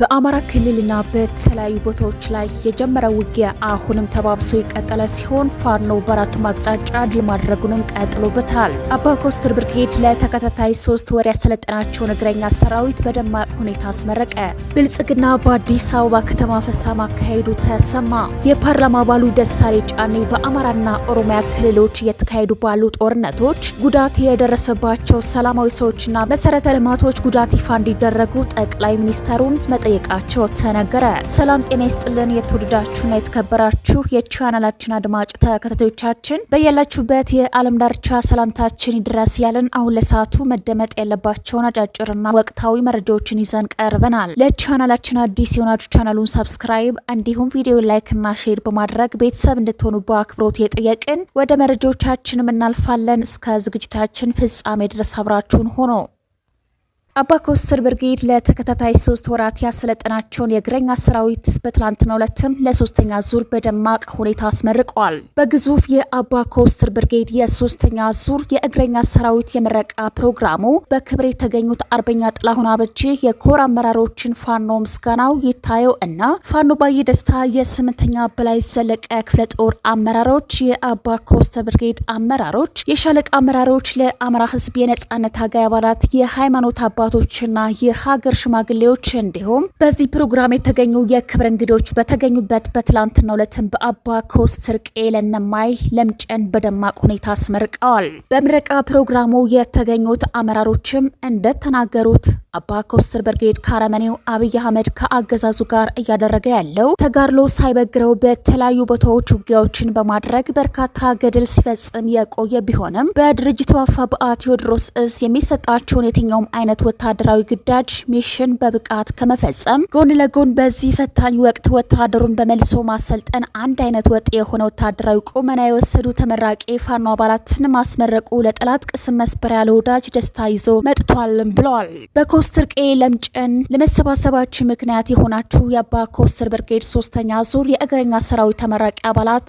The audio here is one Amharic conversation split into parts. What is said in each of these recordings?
በአማራ ክልልና በተለያዩ ቦታዎች ላይ የጀመረው ውጊያ አሁንም ተባብሶ የቀጠለ ሲሆን ፋኖ በአራቱም አቅጣጫ ድል ማድረጉንም ቀጥሎበታል። አባ ኮስትር ብርጌድ ለተከታታይ ሶስት ወር ያሰለጠናቸውን እግረኛ ሰራዊት በደማቅ ሁኔታ አስመረቀ። ብልጽግና በአዲስ አበባ ከተማ ፈሳ ማካሄዱ ተሰማ። የፓርላማ አባሉ ደሳሌ ጫኔ በአማራና ኦሮሚያ ክልሎች እየተካሄዱ ባሉ ጦርነቶች ጉዳት የደረሰባቸው ሰላማዊ ሰዎችና መሰረተ ልማቶች ጉዳት ይፋ እንዲደረጉ ጠቅላይ ሚኒስተሩን መጠየቃቸው ተነገረ። ሰላም ጤና ይስጥልን። የተወደዳችሁና የተከበራችሁ የቻናላችን አድማጭ ተከታታዮቻችን በያላችሁበት የዓለም ዳርቻ ሰላምታችን ይድረስ ያለን አሁን ለሰዓቱ መደመጥ ያለባቸውን አጫጭርና ወቅታዊ መረጃዎችን ይዘን ቀርበናል። ለቻናላችን አዲስ የሆናችሁ ቻናሉን ሰብስክራይብ እንዲሁም ቪዲዮ ላይክና ሼር በማድረግ ቤተሰብ እንድትሆኑ በአክብሮት የጠየቅን ወደ መረጃዎቻችንም እናልፋለን። እስከ ዝግጅታችን ፍጻሜ ድረስ አብራችሁን ሆኖ አባ ኮስተር ብርጌድ ለተከታታይ ሶስት ወራት ያሰለጠናቸውን የእግረኛ ሰራዊት በትላንትናው ዕለትም ለሶስተኛ ዙር በደማቅ ሁኔታ አስመርቀዋል። በግዙፍ የአባ ኮስተር ብርጌድ የሶስተኛ ዙር የእግረኛ ሰራዊት የምረቃ ፕሮግራሙ በክብር የተገኙት አርበኛ ጥላሁን አበጄ የኮር አመራሮችን ፋኖ ምስጋናው ይታየው እና ፋኖ ባየ ደስታ የስምንተኛ በላይ ዘለቀ ክፍለ ጦር አመራሮች፣ የአባ ኮስተር ብርጌድ አመራሮች፣ የሻለቃ አመራሮች፣ ለአማራ ህዝብ የነጻነት ታጋይ አባላት፣ የሃይማኖት አባ አባቶችና የሀገር ሽማግሌዎች እንዲሁም በዚህ ፕሮግራም የተገኙ የክብር እንግዶች በተገኙበት በትላንትናው ዕለትም በአባ ኮስትር ቄለነማይ ለምጨን በደማቅ ሁኔታ አስመርቀዋል። በምረቃ ፕሮግራሙ የተገኙት አመራሮችም እንደተናገሩት አባ ኮስትር ብርጌድ ካረመኔው አብይ አህመድ ከአገዛዙ ጋር እያደረገ ያለው ተጋድሎ ሳይበግረው በተለያዩ ቦታዎች ውጊያዎችን በማድረግ በርካታ ገድል ሲፈጽም የቆየ ቢሆንም በድርጅቱ አፋ በአ ቴዎድሮስ እስ የሚሰጣቸውን የትኛውም አይነት ወታደራዊ ግዳጅ ሚሽን በብቃት ከመፈጸም ጎን ለጎን በዚህ ፈታኝ ወቅት ወታደሩን በመልሶ ማሰልጠን አንድ አይነት ወጥ የሆነ ወታደራዊ ቁመና የወሰዱ ተመራቂ ፋኖ አባላትን ማስመረቁ ለጠላት ቅስም መስበሪያ ለወዳጅ ደስታ ይዞ መጥቷል ብለዋል። በኮስትር ቄ ለምጨን ለመሰባሰባችን ምክንያት የሆናችሁ የአባ ኮስትር ብርጌድ ሶስተኛ ዙር የእግረኛ ሰራዊት ተመራቂ አባላት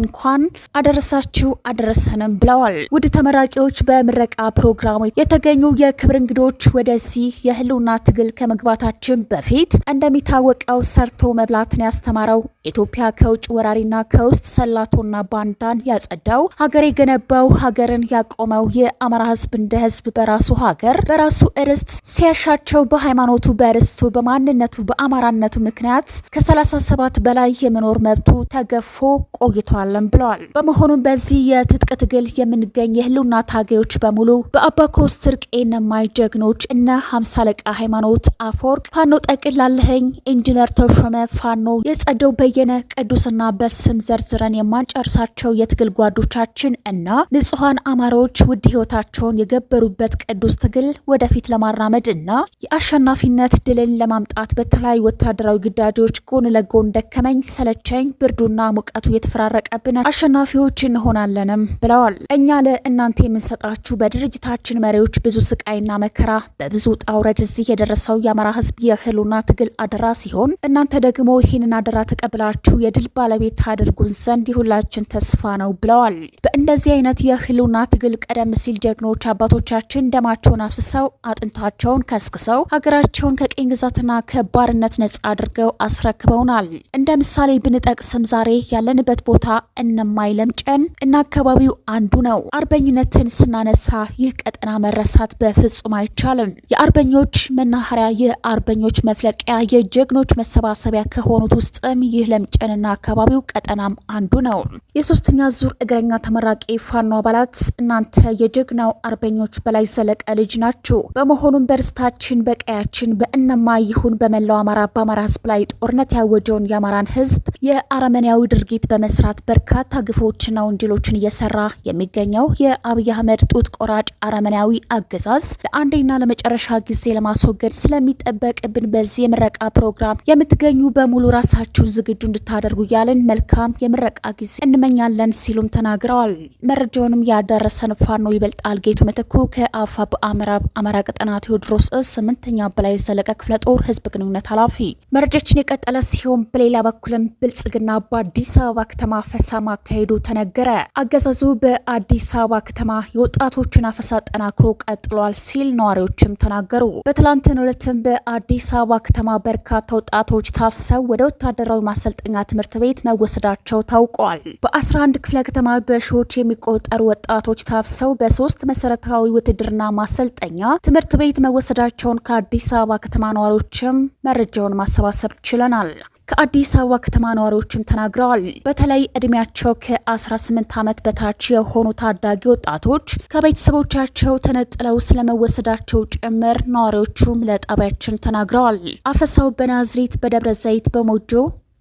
እንኳን አደረሳችሁ አደረሰንም ብለዋል። ውድ ተመራቂዎች በምረቃ ፕሮግራሙ የተገኙ የክብር እንግዶች ወደዚህ የህልውና ትግል ከመግባታችን በፊት እንደሚታወቀው ሰርቶ መብላትን ያስተማረው ኢትዮጵያ ከውጭ ወራሪና ከውስጥ ሰላቶና ባንዳን ያጸዳው ሀገር የገነባው ሀገርን ያቆመው የአማራ ህዝብ እንደ ህዝብ በራሱ ሀገር በራሱ እርስት ሲያሻቸው በሃይማኖቱ በርስቱ በማንነቱ በአማራነቱ ምክንያት ከ37 በላይ የመኖር መብቱ ተገፎ ቆይቷል። እንቀጥላለን ብለዋል። በመሆኑም በዚህ የትጥቅ ትግል የምንገኝ የህልውና ታጋዮች በሙሉ በአባኮስ ትርቅ ነማይ ጀግኖች እነ ሀምሳ አለቃ ሃይማኖት አፈወርቅ፣ ፋኖ ጠቅላለኸኝ፣ ኢንጂነር ተሾመ ፋኖ፣ የጸደው በየነ ቅዱስና በስም ዘርዝረን የማንጨርሳቸው የትግል ጓዶቻችን እና ንጹሐን አማራዎች ውድ ህይወታቸውን የገበሩበት ቅዱስ ትግል ወደፊት ለማራመድ እና የአሸናፊነት ድልን ለማምጣት በተለያዩ ወታደራዊ ግዳጆች ጎን ለጎን ደከመኝ ሰለቸኝ ብርዱና ሙቀቱ የተፈራረቀ የሚመጣብን አሸናፊዎች እንሆናለንም ብለዋል። እኛ ለእናንተ የምንሰጣችሁ በድርጅታችን መሪዎች ብዙ ስቃይና መከራ በብዙ ጣውረድ እዚህ የደረሰው የአማራ ህዝብ የህሉና ትግል አደራ ሲሆን እናንተ ደግሞ ይህንን አደራ ተቀብላችሁ የድል ባለቤት አድርጉን ዘንድ የሁላችን ተስፋ ነው ብለዋል። በእንደዚህ አይነት የህሉና ትግል ቀደም ሲል ጀግኖች አባቶቻችን ደማቸውን አፍስሰው አጥንታቸውን ከስክሰው ሀገራቸውን ከቅኝ ግዛትና ከባርነት ነጻ አድርገው አስረክበውናል። እንደ ምሳሌ ብንጠቅስም ዛሬ ያለንበት ቦታ እነማይለምጨን እና አካባቢው አንዱ ነው። አርበኝነትን ስናነሳ ይህ ቀጠና መረሳት በፍጹም አይቻልም። የአርበኞች መናኸሪያ፣ የአርበኞች መፍለቂያ፣ የጀግኖች መሰባሰቢያ ከሆኑት ውስጥም ይህ ለምጨንና አካባቢው ቀጠናም አንዱ ነው። የሶስተኛ ዙር እግረኛ ተመራቂ ፋኖ አባላት እናንተ የጀግናው አርበኞች በላይ ዘለቀ ልጅ ናችሁ። በመሆኑም በርስታችን በቀያችን በእነማ ይሁን በመላው አማራ በአማራ ህዝብ ላይ ጦርነት ያወጀውን የአማራን ህዝብ የአረመኔያዊ ድርጊት በመስራት በርካታ ግፎችና ወንጀሎችን እየሰራ የሚገኘው የአብይ አህመድ ጡት ቆራጭ አረመናዊ አገዛዝ ለአንዴና ለመጨረሻ ጊዜ ለማስወገድ ስለሚጠበቅብን በዚህ የምረቃ ፕሮግራም የምትገኙ በሙሉ ራሳችሁን ዝግጁ እንድታደርጉ እያልን መልካም የምረቃ ጊዜ እንመኛለን ሲሉም ተናግረዋል። መረጃውንም ያደረሰን ፋኖ ይበልጣል ጌቱ ምትኩ ከአፋ በምዕራብ አማራ ቀጠና ቴዎድሮስ እስ ስምንተኛ በላይ ዘለቀ ክፍለ ጦር ህዝብ ግንኙነት ኃላፊ መረጃችን የቀጠለ ሲሆን በሌላ በኩልም ብልጽግና በአዲስ አበባ ከተማ አፈሳ ማካሄዱ ተነገረ። አገዛዙ በአዲስ አበባ ከተማ የወጣቶችን አፈሳ ጠናክሮ ቀጥሏል ሲል ነዋሪዎችም ተናገሩ። በትላንትን ዕለትም በአዲስ አበባ ከተማ በርካታ ወጣቶች ታፍሰው ወደ ወታደራዊ ማሰልጠኛ ትምህርት ቤት መወሰዳቸው ታውቋል። በ11 ክፍለ ከተማ በሺዎች የሚቆጠሩ ወጣቶች ታፍሰው በሶስት መሰረታዊ ውትድርና ማሰልጠኛ ትምህርት ቤት መወሰዳቸውን ከአዲስ አበባ ከተማ ነዋሪዎችም መረጃውን ማሰባሰብ ችለናል። ከአዲስ አበባ ከተማ ነዋሪዎችም ተናግረዋል። በተለይ እድሜያቸው ከ18 ዓመት በታች የሆኑ ታዳጊ ወጣቶች ከቤተሰቦቻቸው ተነጥለው ስለመወሰዳቸው ጭምር ነዋሪዎቹም ለጣቢያችን ተናግረዋል። አፈሳው በናዝሪት፣ በደብረ ዘይት፣ በሞጆ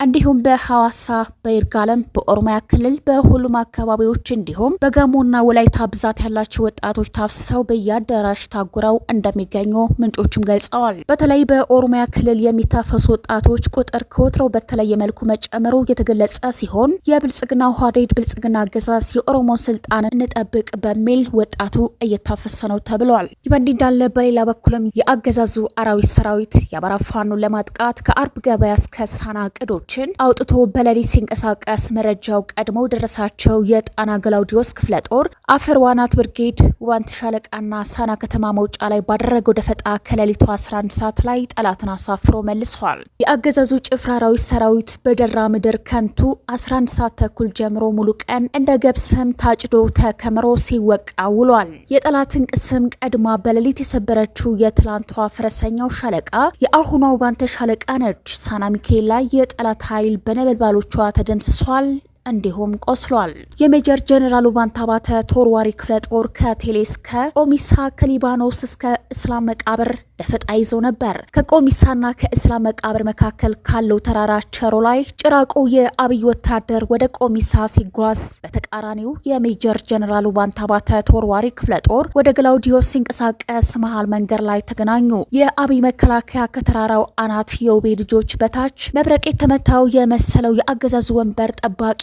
እንዲሁም በሐዋሳ በይርጋለም በኦሮሚያ ክልል በሁሉም አካባቢዎች እንዲሁም በጋሞና ወላይታ ብዛት ያላቸው ወጣቶች ታፍሰው በየአዳራሽ ታጉረው እንደሚገኙ ምንጮችም ገልጸዋል። በተለይ በኦሮሚያ ክልል የሚታፈሱ ወጣቶች ቁጥር ከወትረው በተለየ መልኩ መጨመሩ የተገለጸ ሲሆን የብልጽግና ኦህዴድ ብልጽግና አገዛዝ የኦሮሞ ስልጣን እንጠብቅ በሚል ወጣቱ እየታፈሰ ነው ተብሏል። ይህ በእንዲህ እንዳለ በሌላ በኩልም የአገዛዙ አራዊት ሰራዊት የአማራ ፋኖን ለማጥቃት ከአርብ ገበያ እስከ ሳና ቅዶ መረጃዎችን አውጥቶ በሌሊት ሲንቀሳቀስ መረጃው ቀድመው ደረሳቸው የጣና ገላውዲዮስ ክፍለ ጦር አፈር ዋናት ብርጌድ ዋንት ሻለቃና ሳና ከተማ መውጫ ላይ ባደረገው ደፈጣ ከሌሊቱ 11 ሰዓት ላይ ጠላትን አሳፍሮ መልሰዋል። የአገዛዙ ጭፍራራዊ ሰራዊት በደራ ምድር ከንቱ 11 ሰዓት ተኩል ጀምሮ ሙሉ ቀን እንደ ገብስም ታጭዶ ተከምሮ ሲወቃ ውሏል። የጠላትን ቅስም ቀድማ በሌሊት የሰበረችው የትላንቷ ፈረሰኛው ሻለቃ የአሁኗ ዋንተ ሻለቃ ነች። ሳና ሚካኤል ላይ የጠላት የጠላት ኃይል በነበልባሎቿ ተደምስሷል። እንዲሁም ቆስሏል። የሜጀር ጀኔራሉ ባንታባተ ቶርዋሪ ተወርዋሪ ክፍለ ጦር ከቴሌ እስከ ቆሚሳ ከሊባኖስ እስከ እስላም መቃብር ደፈጣ ይዘው ነበር። ከቆሚሳና ከእስላም መቃብር መካከል ካለው ተራራ ቸሮ ላይ ጭራቁ የአብይ ወታደር ወደ ቆሚሳ ሲጓዝ፣ በተቃራኒው የሜጀር ጀኔራሉ ባንታባተ ቶርዋሪ ተወርዋሪ ክፍለ ጦር ወደ ግላውዲዮስ ሲንቀሳቀስ መሃል መንገድ ላይ ተገናኙ። የአብይ መከላከያ ከተራራው አናት የውቤ ልጆች በታች መብረቅ የተመታው የመሰለው የአገዛዙ ወንበር ጠባቂ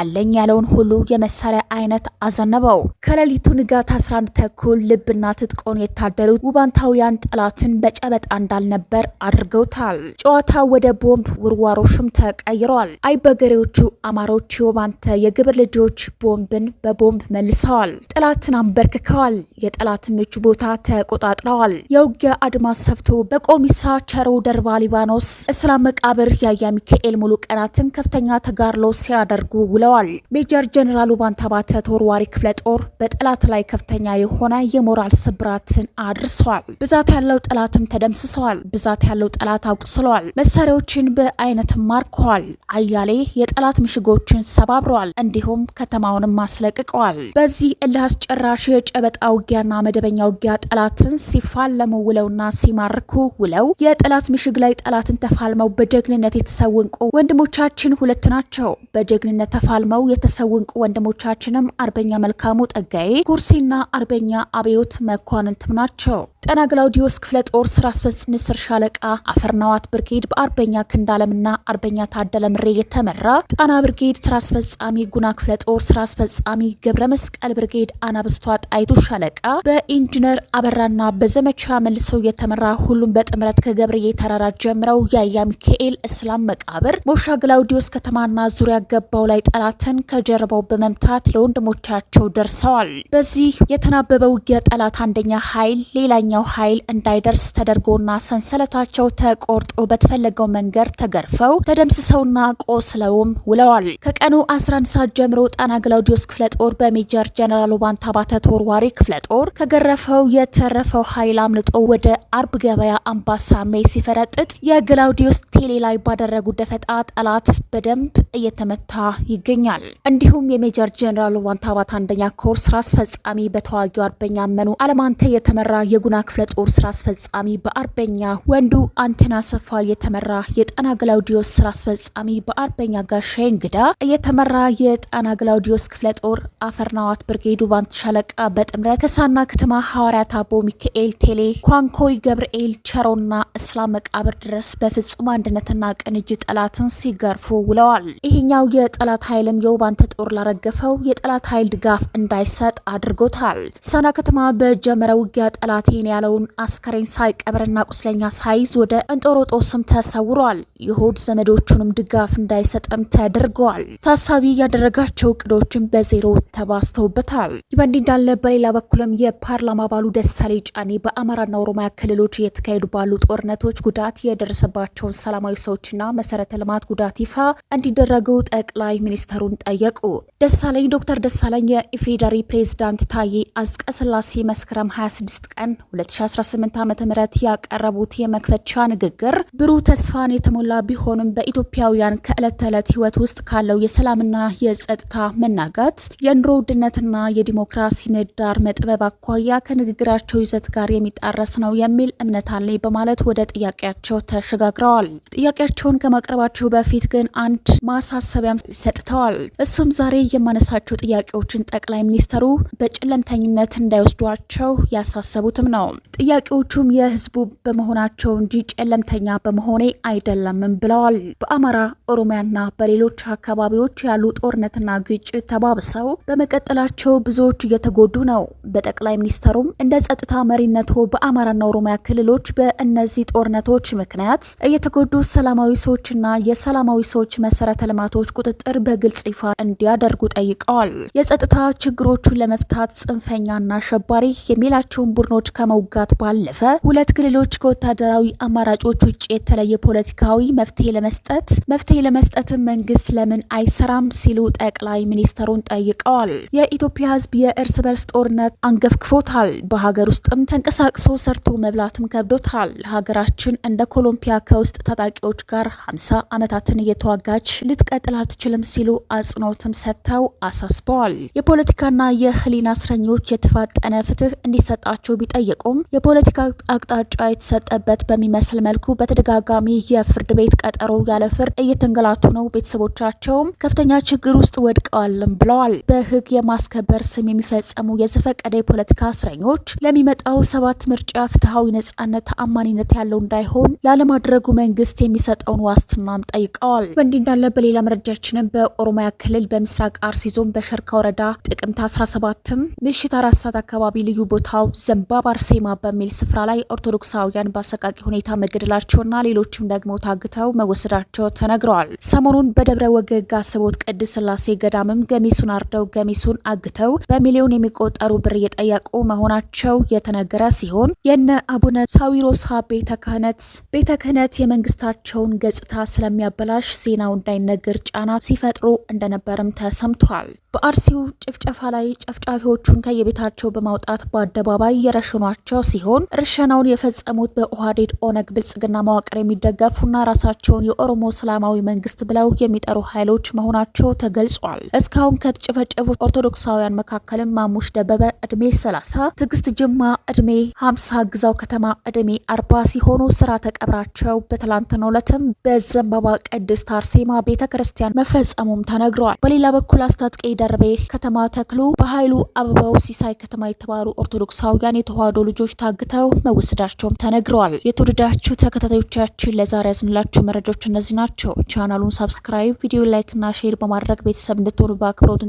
አለኝ ያለውን ሁሉ የመሳሪያ አይነት አዘነበው። ከሌሊቱ ንጋት 11 ተኩል ልብና ትጥቆን የታደሉት ውባንታውያን ጠላትን በጨበጣ እንዳልነበር አድርገውታል። ጨዋታ ወደ ቦምብ ውርዋሮሽም ተቀይሯል። አይበገሬዎቹ አማሮች የውባንተ የግብር ልጆች ቦምብን በቦምብ መልሰዋል። ጠላትን አንበርክከዋል። የጠላት ምቹ ቦታ ተቆጣጥረዋል። የውጊያ አድማስ ሰፍቶ በቆሚሳ ቸሮ ደርባ ሊባኖስ እስላም መቃብር ያያ ሚካኤል ሙሉ ቀናትን ከፍተኛ ተጋድሎ ሲያደርጉ ብለዋል። ሜጀር ጀኔራሉ ባንታባተ ተወርዋሪ ክፍለ ጦር በጠላት ላይ ከፍተኛ የሆነ የሞራል ስብራትን አድርሰዋል። ብዛት ያለው ጠላትም ተደምስሰዋል። ብዛት ያለው ጠላት አቁስለዋል። መሳሪያዎችን በአይነት ማርከዋል። አያሌ የጠላት ምሽጎችን ሰባብረዋል። እንዲሁም ከተማውንም አስለቅቀዋል። በዚህ እልህ አስጨራሽ የጨበጣ ውጊያና መደበኛ ውጊያ ጠላትን ሲፋለሙ ውለውና ሲማርኩ ውለው የጠላት ምሽግ ላይ ጠላትን ተፋልመው በጀግንነት የተሰውንቁ ወንድሞቻችን ሁለት ናቸው። በጀግንነት ተፋ ተፋልመው የተሰው ወንድሞቻችንም አርበኛ መልካሙ ጠጋዬ ኩርሲና አርበኛ አብዮት መኳንንትም ናቸው። ጣና ግላውዲዮስ ክፍለ ጦር ስራ አስፈጻሚ ስር ሻለቃ አፈርናዋት ብርጌድ በአርበኛ ክንዳለምና አርበኛ ታደለ ምሬ የተመራ ጣና ብርጌድ ስራ አስፈጻሚ ጉና ክፍለ ጦር ስራ አስፈጻሚ ገብረ መስቀል ብርጌድ አናብስቷ ጣይቱ ሻለቃ በኢንጂነር አበራና በዘመቻ መልሰው የተመራ ሁሉም በጥምረት ከገብርዬ ተራራ ጀምረው ያያ ሚካኤል እስላም መቃብር ሞሻ ግላውዲዮስ ከተማና ዙሪያ ገባው ላይ ጠላትን ከጀርባው በመምታት ለወንድሞቻቸው ደርሰዋል። በዚህ የተናበበ ውጊያ ጠላት አንደኛ ኃይል ሌላኛ ወደዛኛው ኃይል እንዳይደርስ ተደርጎና ሰንሰለታቸው ተቆርጦ በተፈለገው መንገድ ተገርፈው ተደምስሰውና ቆስለውም ውለዋል። ከቀኑ 11 ሰዓት ጀምሮ ጣና ግላውዲዮስ ክፍለ ጦር በሜጀር ጀነራል ባንታ ባተ ተወርዋሪ ክፍለ ጦር ከገረፈው የተረፈው ኃይል አምልጦ ወደ አርብ ገበያ አምባሳሜ ሲፈረጥጥ የግላውዲዮስ ቴሌ ላይ ባደረጉ ደፈጣ ጠላት በደንብ እየተመታ ይገኛል። እንዲሁም የሜጀር ጀነራል ባንታ ባተ አንደኛ ኮር ስራ አስፈጻሚ በተዋጊው አርበኛ መኑ አለማንተ የተመራ የጉና ክፍለ ጦር ስራ አስፈጻሚ በአርበኛ ወንዱ አንቴና ሰፋ የተመራ የጣና ግላውዲዮስ ስራ አስፈጻሚ በአርበኛ ጋሻ እንግዳ እየተመራ የጣና ግላውዲዮስ ክፍለ ጦር አፈርናዋት ብርጌዱ ባንት ሻለቃ በጥምረት ከሳና ከተማ ሐዋርያት አቦ ሚካኤል ቴሌ ኳንኮይ ገብርኤል ቸሮና እስላም መቃብር ድረስ በፍጹም አንድነትና ቅንጅት ጠላትን ሲገርፉ ውለዋል። ይህኛው የጠላት ኃይልም የውባንተ ጦር ላረገፈው የጠላት ኃይል ድጋፍ እንዳይሰጥ አድርጎታል። ሳና ከተማ በጀመረ ውጊያ ጠላቴን ያለውን አስከሬን ሳይቀብርና ቁስለኛ ሳይዝ ወደ እንጦሮጦ ስም ተሰውሯል። የሆድ ዘመዶቹንም ድጋፍ እንዳይሰጥም ተደርገዋል። ታሳቢ ያደረጋቸው እቅዶችን በዜሮ ተባስተውበታል። ይበንዲ እንዳለ በሌላ በኩልም የፓርላማ አባሉ ደሳሌ ጫኔ በአማራና ኦሮሚያ ክልሎች እየተካሄዱ ባሉ ጦርነቶች ጉዳት የደረሰባቸውን ሰላማዊ ሰዎችና መሰረተ ልማት ጉዳት ይፋ እንዲደረጉ ጠቅላይ ሚኒስተሩን ጠየቁ። ደሳለኝ ዶክተር ደሳለኝ የኢፌዴሪ ፕሬዝዳንት ታዬ አጽቀሥላሴ መስከረም 26 ቀን 2018 ዓ ም ያቀረቡት የመክፈቻ ንግግር ብሩህ ተስፋን የተሞላ ቢሆንም በኢትዮጵያውያን ከዕለት ተዕለት ህይወት ውስጥ ካለው የሰላምና የጸጥታ መናጋት፣ የኑሮ ውድነትና የዲሞክራሲ ምህዳር መጥበብ አኳያ ከንግግራቸው ይዘት ጋር የሚጣረስ ነው የሚል እምነት አለኝ በማለት ወደ ጥያቄያቸው ተሸጋግረዋል። ጥያቄያቸውን ከማቅረባቸው በፊት ግን አንድ ማሳሰቢያም ሰጥተዋል። እሱም ዛሬ የማነሳቸው ጥያቄዎችን ጠቅላይ ሚኒስተሩ በጨለምተኝነት እንዳይወስዷቸው ያሳሰቡትም ነው። ጥያቄዎቹም የህዝቡ በመሆናቸው እንጂ ጨለምተኛ በመሆኔ አይደለምም ብለዋል። በአማራ ኦሮሚያና በሌሎች አካባቢዎች ያሉ ጦርነትና ግጭት ተባብሰው በመቀጠላቸው ብዙዎች እየተጎዱ ነው። በጠቅላይ ሚኒስትሩም እንደ ጸጥታ መሪነቱ በአማራና ኦሮሚያ ክልሎች በእነዚህ ጦርነቶች ምክንያት እየተጎዱ ሰላማዊ ሰዎችና የሰላማዊ ሰዎች መሰረተ ልማቶች ቁጥጥር በግልጽ ይፋ እንዲያደርጉ ጠይቀዋል። የጸጥታ ችግሮቹን ለመፍታት ጽንፈኛና አሸባሪ የሚላቸውን ቡድኖች ከመ ከመውጋት ባለፈ ሁለት ክልሎች ከወታደራዊ አማራጮች ውጭ የተለየ ፖለቲካዊ መፍትሄ ለመስጠት መፍትሄ ለመስጠትም መንግስት ለምን አይሰራም ሲሉ ጠቅላይ ሚኒስተሩን ጠይቀዋል። የኢትዮጵያ ሕዝብ የእርስ በርስ ጦርነት አንገፍክፎታል። በሀገር ውስጥም ተንቀሳቅሶ ሰርቶ መብላትም ከብዶታል። ሀገራችን እንደ ኮሎምፒያ ከውስጥ ታጣቂዎች ጋር ሀምሳ ዓመታትን እየተዋጋች ልትቀጥል አትችልም ሲሉ አጽንኦትም ሰጥተው አሳስበዋል። የፖለቲካና የህሊና እስረኞች የተፋጠነ ፍትህ እንዲሰጣቸው ቢጠየቁ እንዲያቆም የፖለቲካ አቅጣጫ የተሰጠበት በሚመስል መልኩ በተደጋጋሚ የፍርድ ቤት ቀጠሮ ያለ ፍርድ እየተንገላቱ ነው። ቤተሰቦቻቸውም ከፍተኛ ችግር ውስጥ ወድቀዋልም ብለዋል። በህግ የማስከበር ስም የሚፈጸሙ የዘፈቀደ የፖለቲካ እስረኞች ለሚመጣው ሰባት ምርጫ ፍትሐዊ፣ ነጻነት፣ ተአማኒነት ያለው እንዳይሆን ላለማድረጉ መንግስት የሚሰጠውን ዋስትናም ጠይቀዋል። በእንዲህ እንዳለ በሌላ መረጃችንም በኦሮሚያ ክልል በምስራቅ አርሲ ዞን በሸርካ ወረዳ ጥቅምት 17 ምሽት አራት ሰዓት አካባቢ ልዩ ቦታው ዘንባባ አርሲ ሴማ በሚል ስፍራ ላይ ኦርቶዶክሳውያን በአሰቃቂ ሁኔታ መገደላቸውና ሌሎችም ደግሞ ታግተው መወሰዳቸው ተነግረዋል። ሰሞኑን በደብረ ወገግ አስቦት ቅድስት ስላሴ ገዳምም ገሚሱን አርደው ገሚሱን አግተው በሚሊዮን የሚቆጠሩ ብር እየጠየቁ መሆናቸው የተነገረ ሲሆን የነ አቡነ ሳዊሮሳ ቤተ ክህነት ቤተ ክህነት የመንግስታቸውን ገጽታ ስለሚያበላሽ ዜናው እንዳይነገር ጫና ሲፈጥሩ እንደነበርም ተሰምቷል። በአርሲው ጭፍጨፋ ላይ ጨፍጫፊዎቹን ከየቤታቸው በማውጣት በአደባባይ የረሸኗቸው ሲሆን ርሸናውን የፈጸሙት በኦህዴድ ኦነግ ብልጽግና መዋቅር የሚደገፉና ራሳቸውን የኦሮሞ እስላማዊ መንግስት ብለው የሚጠሩ ኃይሎች መሆናቸው ተገልጿል። እስካሁን ከተጨፈጨፉት ኦርቶዶክሳውያን መካከልም ማሙሽ ደበበ እድሜ 30 ትዕግስት ጅማ እድሜ 50 ግዛው ከተማ እድሜ 40 ሲሆኑ ስራ ቀብራቸው በትላንትናው ዕለትም በዘንባባ ቅድስት አርሴማ ቤተ ክርስቲያን መፈጸሙም ተነግረዋል። በሌላ በኩል አስታጥቄ ደርቤ ከተማ ተክሉ፣ በኃይሉ አበባው፣ ሲሳይ ከተማ የተባሉ ኦርቶዶክሳውያን የተዋህዶ ልጆች ታግተው መወሰዳቸውም ተነግረዋል። የተወደዳችሁ ተከታታዮቻችን ለዛሬ ያዝንላችሁ መረጃዎች እነዚህ ናቸው። ቻናሉን ሰብስክራይብ፣ ቪዲዮ ና ሼር በማድረግ ቤተሰብ እንድትሆኑ በአክብሮት